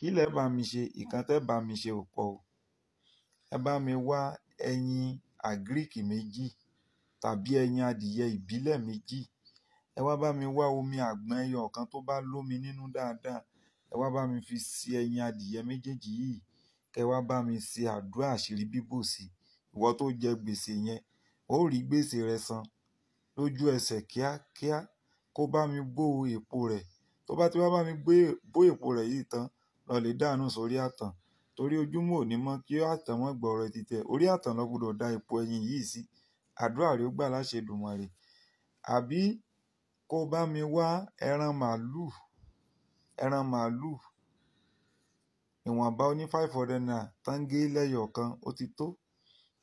kí lẹ bá mi ṣe ìkan tẹ́ bá mi ṣe ò pọ̀ o ẹ bá mi wá ẹyin àgíríkì méjì tàbí ẹyin adìyẹ ìbílẹ̀ méjì ẹ wá bá mi wá omi àgbọn ẹyọ kan tó bá lómi nínú dáadáa ẹ wá bá mi fi ṣe ẹyin adìyẹ méjèèjì yìí kẹ wá bá mi ṣe àdúrà àṣírí bíbò sí ìwọ tó jẹ gbèsè yẹn ó rí gbèsè rẹ san lójú ẹsẹ̀ kíákíá kó bá mi bó èpo rẹ̀ tó bá ti wá bá mi bó èpo rẹ̀ yìí tán lọ lè dànù sórí àtàn torí ojúmọ́ òní mọ́ kí àtàn mọ́ gbọ́rọ̀ etí tẹ̀ orí àtàn lọ gbọ́dọ̀ da ipò ẹyin yìí sí àdúrà rẹ̀ ó gbà láṣẹ Èdùmàrè àbí kó bá mi wá ẹran màálùú ẹran màálùú ìwọ̀nba oní five hundred naira tángé lẹ́yọ̀ kan ó ti tó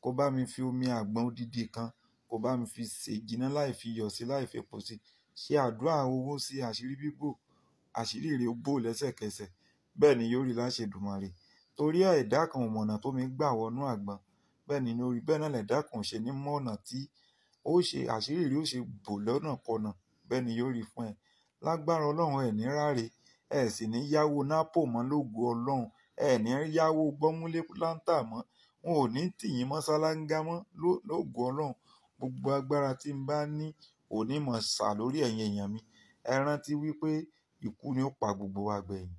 kó bá mi fi omi àgbọn odidi kan kó bá mi fi sè jiná láì fi yọ̀ sí láì fi epo sí ṣe àdúrà owó sí àṣírí bíbò àṣírí rẹ̀ ó bò lẹ́sẹ̀kẹsẹ̀ bẹ́ẹ̀ ni yóò rí láṣẹ Èdùmàrè torí ẹ̀dá kan ò mọ̀nà tómi gbà wọnú àgbọn bẹ́ẹ̀ ni lórí bẹ́ẹ̀ náà lẹ̀dá kan ò ṣe ní mọ̀nà tí ó ṣe àṣírí rí ó ṣe bò lọ́nà kọ̀nà bẹ́ẹ̀ ni yóò rí fún ẹ lágbára ọlọ́run ẹ̀ ní ráre ẹ̀ sì ní yáwó nápò mọ́ lógo ọlọ́run ẹ̀ ní yáwó gbọ́múlé láńtà mọ́ wọn ò ní tìyín mọ́ sálángá mọ́ lógo ọlọ́run gbogbo agbára tí n bá ní òní mọ̀ sà lórí ẹ̀yìn èèyàn mi ẹ rántí wípé ikú ni ó pa gbogbo wa gbẹ̀yìn